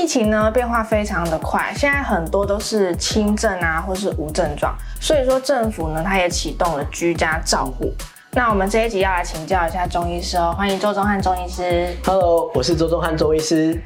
疫情呢變化非常的快，現在很多都是輕症啊，或是無症狀，所以說政府呢它也啟動了居家照顧。那我們這一集要來請教一下中醫師哦，歡迎周宗翰中醫師。Hello，我是周宗翰中醫師。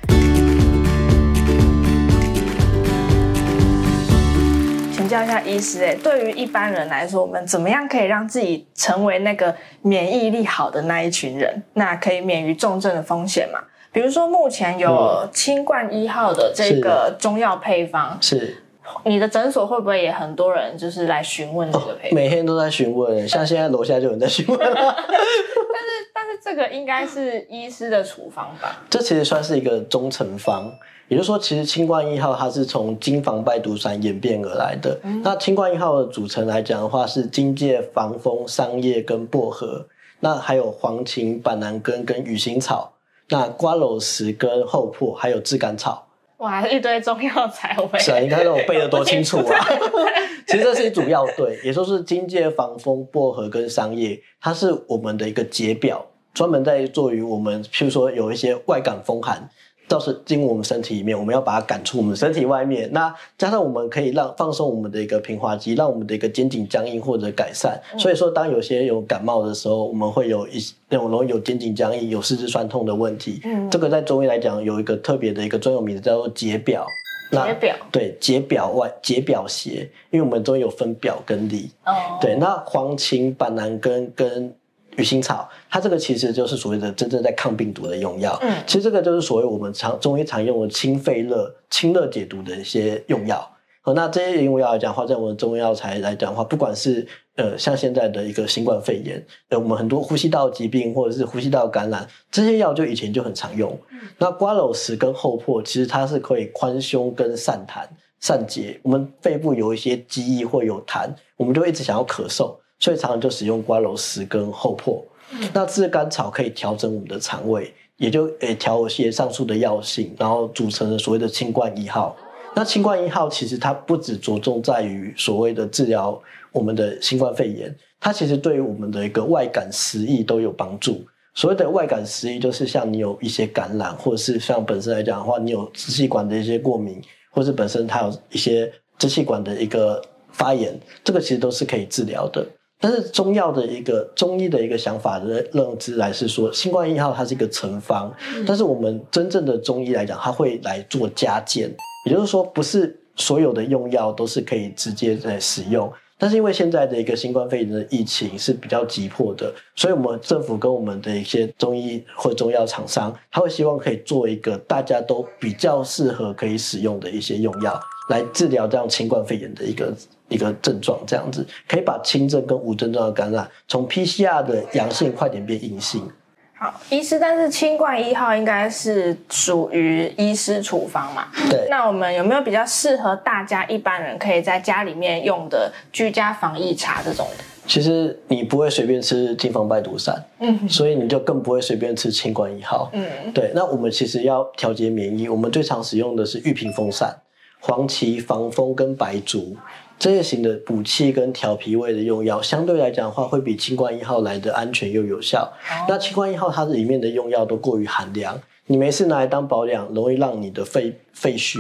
請教一下醫師、欸，哎，對於一般人來說，我們怎麼樣可以讓自己成為那個免疫力好的那一群人，那可以免於重症的風險嘛？比如說，目前有清冠一號的這個中藥配方，嗯、是你的診所會不會也很多人就是來詢問這個？配方、哦？每天都在詢問，像現在樓下就有人在詢問了。 但是，但是這個應該是醫師的處方吧、嗯？這其實算是一個中成方，也就是說，其實清冠一號它是從荊防敗毒散演變而來的、嗯。那清冠一號的組成來講的話，是荊芥、防風、桑葉跟薄荷，那還有黃芩、板藍根跟魚腥草。那瓜蔞實、跟厚朴，還有炙甘草，哇，一堆中藥材我，是啊，你看我背得多清楚啊！ 其實這是一組藥對，也就是荊芥、防風、薄荷跟桑葉，它是我們的一個解表，專門在做於我們，譬如說有一些外感風寒。倒是進入我們身體裡面，我們要把它趕出我們身體外面。那加上我們可以讓放鬆我們的一個平滑肌，讓我們的一個肩頸僵硬或者改善。嗯、所以說，當有些有感冒的時候，我們會有一些那種容易有肩頸僵硬、有四肢痠痛的問題。嗯、這個在中醫來講有一個特別的一個專有名詞叫做解表。解表，對解表外解表邪，因為我們中醫有分表跟裡。哦，對，那黃芩、板藍根跟。魚腥草，它這個其實就是所謂的真正在抗病毒的用藥。嗯，其實這個就是所謂我們常中醫常用的清肺熱、清熱解毒的一些用藥。好，那這些用藥來講的話，在我們中藥材來講的話，不管是呃像現在的一個新冠肺炎，呃我們很多呼吸道疾病或者是呼吸道感染，這些藥就以前就很常用。嗯，那瓜蔞實跟厚朴其實它是可以寬胸跟散痰、散結。我們肺部有一些積液或有痰，我們就會一直想要咳嗽。所以常常就使用瓜蔞實跟厚朴、嗯，那炙甘草可以調整我們的腸胃，也就誒調和些上述的藥性，然後組成了所謂的清冠一號。那清冠一號其實它不只着重在於所謂的治療我們的新冠肺炎，它其實對於我們的一個外感時疫都有幫助。所謂的外感時疫，就是像你有一些感染，或者是像本身來講的話，你有支氣管的一些過敏，或者是本身它有一些支氣管的一個發炎，這個其實都是可以治療的。但是中藥的一個中醫的一個想法的認知來是說，清冠一號它是一個成方，嗯，但是我們真正的中醫來講，它會來做加減，也就是說，不是所有的用藥都是可以直接在使用。但是因為現在的一個新冠肺炎的疫情是比較急迫的，所以我們政府跟我們的一些中醫或中藥廠商，他會希望可以做一個大家都比較適合可以使用的一些用藥，來治療這樣新冠肺炎的一個。一個症狀這樣子，可以把輕症跟無症狀的感染，從 P C R 的陽性快點變陰性，嗯。好，醫師，但是清冠一號應該是屬於醫師處方嘛？對。那我們有沒有比較適合大家一般人可以在家裡面用的居家防疫茶這種？其實你不會隨便吃荊防敗毒散，嗯，所以你就更不會隨便吃清冠一號，嗯，對。那我們其實要調節免疫，我們最常使用的是玉屏風散、黃芪防風跟白朮。這些型的補氣跟調脾胃的用藥，相對來講的話，會比清冠一號來得安全又有效。那清冠一號它裡面的用藥都過於寒涼，你沒事拿來當保養，容易讓你的肺肺虛。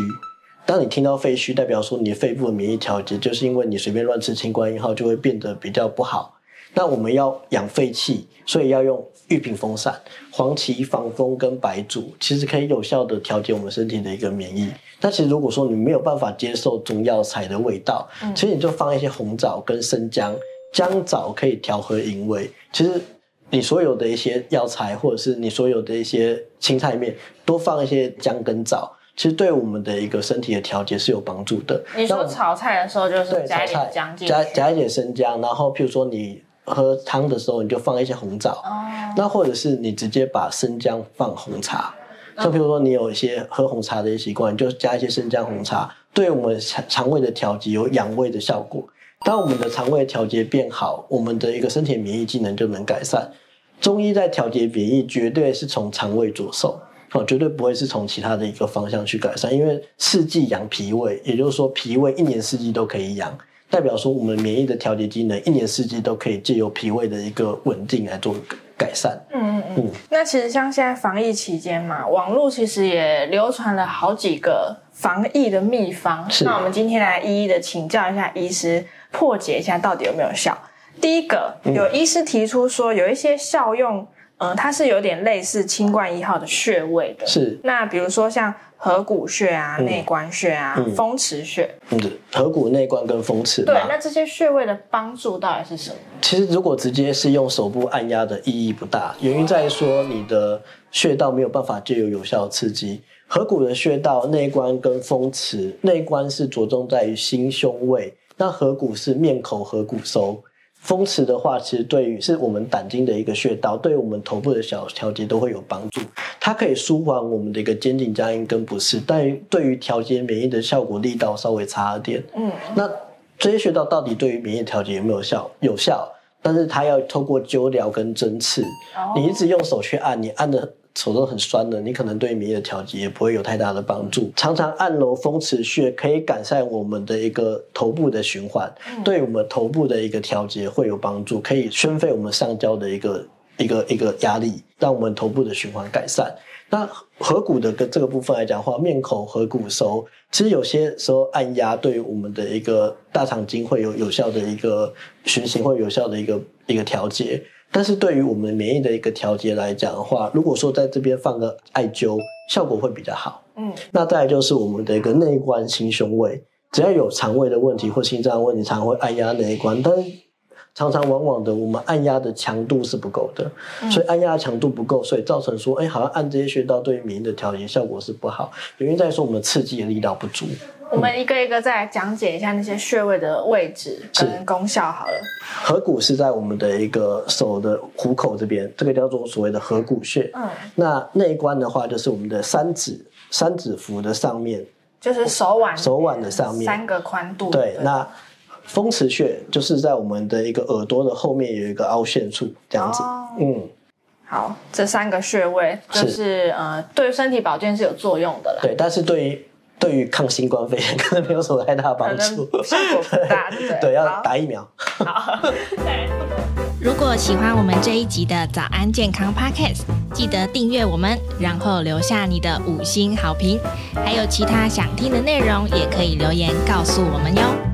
當你聽到肺虛，代表說你肺部的免疫調節，就是因為你隨便亂吃清冠一號，就會變得比較不好。那我們要養肺氣，所以要用玉屏風散、黃芪防風跟白朮，其實可以有效的調節我們身體的一個免疫。但其實如果說你沒有辦法接受中藥材的味道、嗯，其實你就放一些紅棗跟生薑，薑棗可以調和營衛。其實你所有的一些藥材，或者是你所有的一些青菜面，多放一些薑跟棗，其實對我們的一個身體的調節是有幫助的。你說炒菜的時候，就是加一點薑，加加一點生薑，然後譬如說你。喝湯的時候，你就放一些紅棗。那或者是你直接把生薑放紅茶，就比如說你有一些喝紅茶的一些習慣，你就加一些生薑紅茶，對我們腸腸胃的調節有養胃的效果。當我們的腸胃調節變好，我們的一個身體免疫機能就能改善。中醫在調節免疫，絕對是從腸胃着手，絕對不會是從其他的一個方向去改善，因為四季養脾胃，也就是說脾胃一年四季都可以養。代表說，我們免疫的調節機能一年四季都可以借由脾胃的一個穩定來做改善。嗯嗯嗯，嗯。那其實像現在防疫期間嘛，網絡其實也流傳了好幾個防疫的秘方。是啊。那我們今天來一一的請教一下醫師，破解一下到底有沒有效。第一個，有醫師提出說，有一些效用。嗯，它是有點類似清冠一號的穴位的。是。那比如說像合谷穴啊、內、嗯、關穴啊、嗯、風池穴，合、嗯、谷、河內關跟風池。對。那這些穴位的幫助到底是什麼？其實如果直接是用手部按壓的意義不大，原因在於說你的穴道沒有辦法藉由有效的刺激。合谷的穴道、內關跟風池，內關是着重在於心胸胃，那合谷是面口合谷收。風池的話，其實對於是我們膽經的一個穴道，對於我們頭部的小調節都會有幫助。它可以舒緩我們的一個肩頸僵硬跟不適，但對於調節免疫的效果力道稍微差一點。嗯，那這些穴道到底對於免疫調節有沒有效？有效，但是它要透過灸療跟針刺。哦，你一直用手去按，你按的。手都很酸的，你可能對免疫的調節也不會有太大的幫助。常常按揉風池穴，可以改善我們的一個頭部的循環，嗯、對我們頭部的一個調節會有幫助，可以宣肺我們上焦的一個一個一個壓力，讓我們頭部的循環改善。那合谷的跟這個部分來講的話，面口合谷收，其實有些時候按壓對於我們的一個大腸經會有有效的一個循行，會有效的一個一個調節。但是對於我們免疫的一個調節來講的話，如果說在這邊放個艾灸，效果會比較好。嗯，那再來就是我們的一個內關、心胸胃，只要有腸胃的問題或心臟問題，常會按壓內關。但是常常往往的，我們按壓的強度是不夠的，所以按壓強度不夠，所以造成說，哎、欸，好像按這些穴道對於免疫的調節效果是不好，原因在於說我們刺激的力道不足。嗯、我們一個一個再講解一下那些穴位的位置、跟功效好了。合穀是在我們的一個手的虎口這邊，這個叫做所謂的合谷穴。嗯，那內關的話就是我們的三指，三指幅的上面，就是手腕。手腕的上面三個寬度對。對，那風池穴就是在我們的一個耳朵的後面有一個凹陷處，這樣子、哦。嗯，好，這三個穴位就是,是呃，對身體保健是有作用的啦。對，但是對於。對於抗新冠肺炎可能沒有什麼太大的幫助，效果不大。對，對，要打疫苗。好， 如果喜歡我們這一集的早安健康 Podcast，記得訂閱我們，然後留下你的五星好評。還有其他想聽的內容，也可以留言告訴我們喲。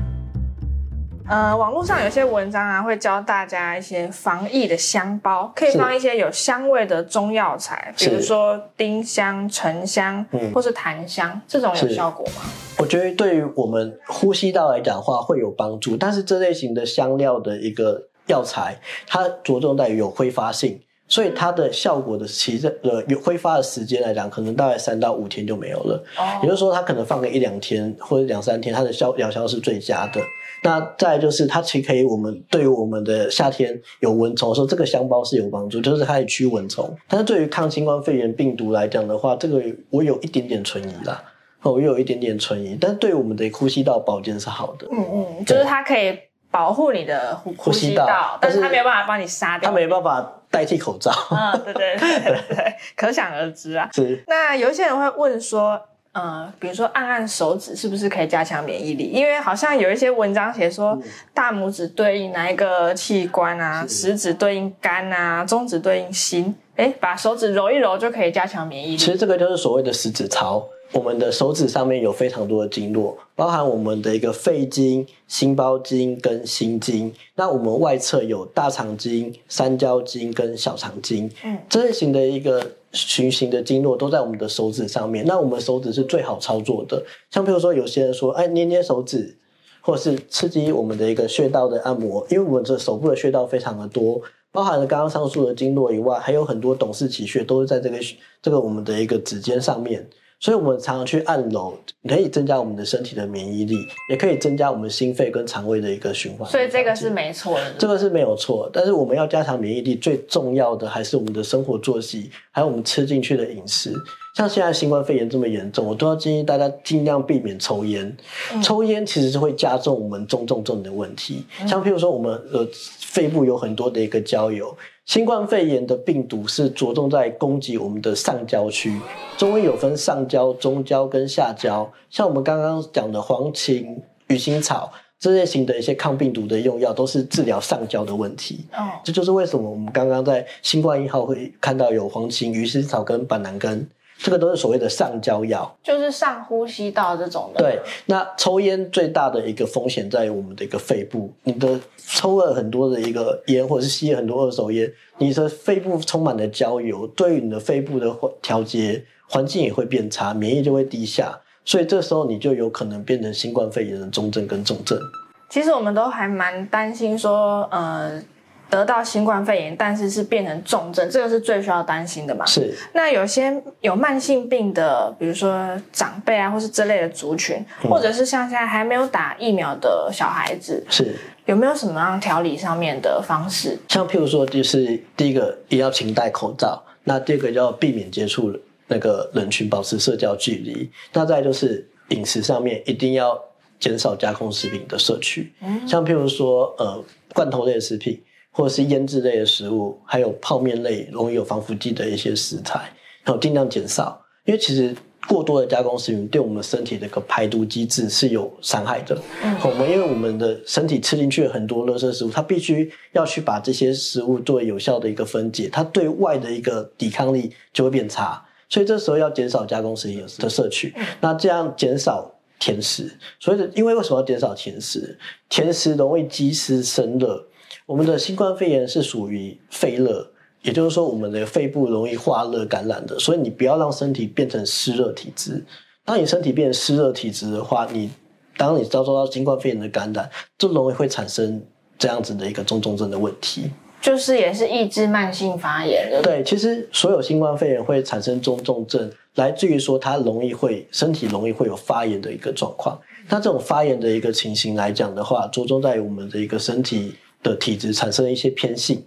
呃，網絡上有些文章啊，會教大家一些防疫的香包，可以放一些有香味的中藥材，比如說丁香、沉香，嗯，或是檀香，這種有效果嗎？我覺得對於我們呼吸道來講的話，會有幫助。但是這類型的香料的一個藥材，它着重在於有揮發性。所以它的效果的其實呃有揮發的時間來講，可能大概三到五天就沒有了。哦、oh.，也就是說它可能放個一兩天或者兩三天，它的消，療效是最佳的。那再來就是它其實可以我們對於我們的夏天有蚊蟲，說這個香包是有幫助，就是它可以驅蚊蟲。但是對於抗新冠肺炎病毒來講的話，這個我有一點點存疑啦。哦，我有一點點存疑，但是對我們的呼吸道保健是好的。嗯嗯，就是它可以。保護你的呼吸道，吸道，但是它沒有辦法幫你殺掉你。它沒辦法代替口罩。嗯、哦，對對對，對，對 可想而知啊。是。那有一些人會問說，嗯、呃，比如說按按手指是不是可以加強免疫力？因為好像有一些文章寫說，嗯、大拇指對應哪一個器官啊？食指對應肝啊，中指對應心。誒，把手指揉一揉就可以加強免疫力。其實這個就是所謂的食指操。我們的手指上面有非常多的經絡，包含我們的一個肺經、心包經跟心經。那我們外側有大腸經、三焦經跟小腸經，嗯，這類型的一個循行的經絡都在我們的手指上面。那我們手指是最好操作的，像比如說有些人說，哎，捏捏手指，或者是刺激我們的一個穴道的按摩，因為我們這手部的穴道非常的多，包含了剛剛上述的經絡以外，還有很多董氏奇穴都是在這個這個我們的一個指尖上面。所以，我們常常去按揉，可以增加我們的身體的免疫力，也可以增加我們心肺跟腸胃的一個循環。所以，這個是沒錯的。這個是沒有錯，但是我們要加強免疫力，最重要的還是我們的生活作息，還有我們吃進去的飲食。像現在新冠肺炎這麼嚴重，我都要建議大家盡量避免抽煙。嗯、抽煙其實是會加重我們中重症的問題，嗯。像譬如說，我們呃肺部有很多的一個焦油，新冠肺炎的病毒是着重在攻擊我們的上焦區。中醫有分上焦、中焦跟下焦。像我們剛剛講的黃芩、魚腥草這類型的一些抗病毒的用藥，都是治療上焦的問題。哦，這就是為什麼我們剛剛在清冠一號會看到有黃芩、魚腥草跟板藍根。這個都是所謂的上焦藥，就是上呼吸道這種的。對，那抽煙最大的一個風險在於我們的一個肺部，你的抽了很多的一個煙，或者是吸了很多二手煙，你的肺部充滿了焦油，對於你的肺部的調節環境也會變差，免疫就會低下，所以這時候你就有可能變成新冠肺炎的中症跟重症。其實我們都還蠻擔心說，嗯、呃得到新冠肺炎，但是是變成重症，這個是最需要擔心的嘛？是。那有些有慢性病的，比如說長輩啊，或是這類的族群、嗯，或者是像現在還沒有打疫苗的小孩子，是有沒有什麼樣調理上面的方式？像譬如說，就是第一個也要勤戴口罩，那第二個要避免接觸那個人群，保持社交距離。那再來就是飲食上面一定要減少加工食品的攝取、嗯，像譬如說呃罐頭類的食品。或者是醃製類的食物，還有泡麵類容易有防腐劑的一些食材，然後盡量減少。因為其實過多的加工食品對我們身體的一個排毒機制是有傷害的。嗯，我們因為我們的身體吃進去很多垃圾食物，它必須要去把這些食物做有效的一個分解，它對外的一個抵抗力就會變差。所以這時候要減少加工食品的攝取。那這樣減少甜食，所以因為為什麼要減少甜食？甜食容易積食生熱。我們的新冠肺炎是屬於肺熱，也就是說，我們的肺部容易化熱感染的，所以你不要讓身體變成濕熱體質。當你身體變成濕熱體質的話，你當你遭受到新冠肺炎的感染，就容易會產生這樣子的一個中重症的問題。就是也是抑制慢性發炎的。對，其實所有新冠肺炎會產生中重症，來自於說它容易會身體容易會有發炎的一個狀況。那這種發炎的一個情形來講的話，着重在於我們的一個身體，的體質產生了一些偏性，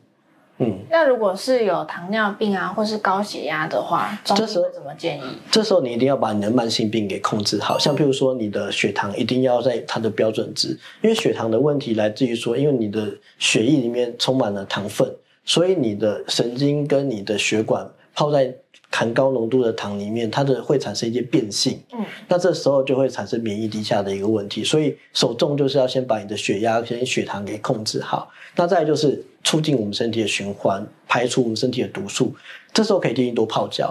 嗯，那如果是有糖尿病啊，或是高血壓的話，這時候怎麼建議？這時候你一定要把你的慢性病給控制好，像譬如說你的血糖一定要在它的標準值，因為血糖的問題來自於說，因為你的血液裡面充滿了糖分，所以你的神經跟你的血管泡在，含高濃度的糖裡面，它的會產生一些變性，嗯，那這時候就會產生免疫低下的一個問題，所以首重就是要先把你的血壓、先血糖給控制好，那再來就是促進我們身體的循環，排除我們身體的毒素，這時候可以進行多泡腳。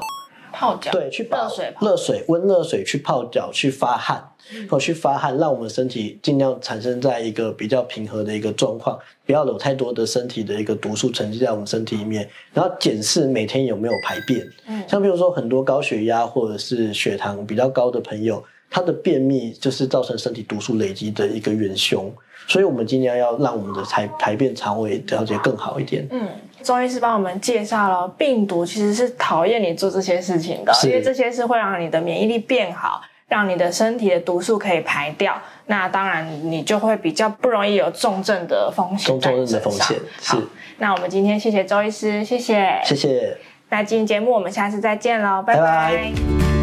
泡腳，對，去泡水、泡水、熱水、溫熱水去泡腳，去發汗，或、嗯、去發汗，讓我們身體盡量產生在一個比較平和的一個狀況，不要有太多的身體的一個毒素沉積在我們身體裡面。然後檢視每天有沒有排便，嗯，像比如說很多高血壓或者是血糖比較高的朋友，他的便秘就是造成身體毒素累積的一個元凶，所以我們盡量要讓我們的排排便腸胃調節更好一點，嗯。周醫師幫我們介紹了，病毒其實是討厭你做這些事情的，因為這些是會讓你的免疫力變好，讓你的身體的毒素可以排掉，那當然你就會比較不容易有重症的風險。重、重症的風險，是。好。那我們今天謝謝周醫師，謝謝，謝謝。那今天節目我們下次再見嘍，拜拜。Bye bye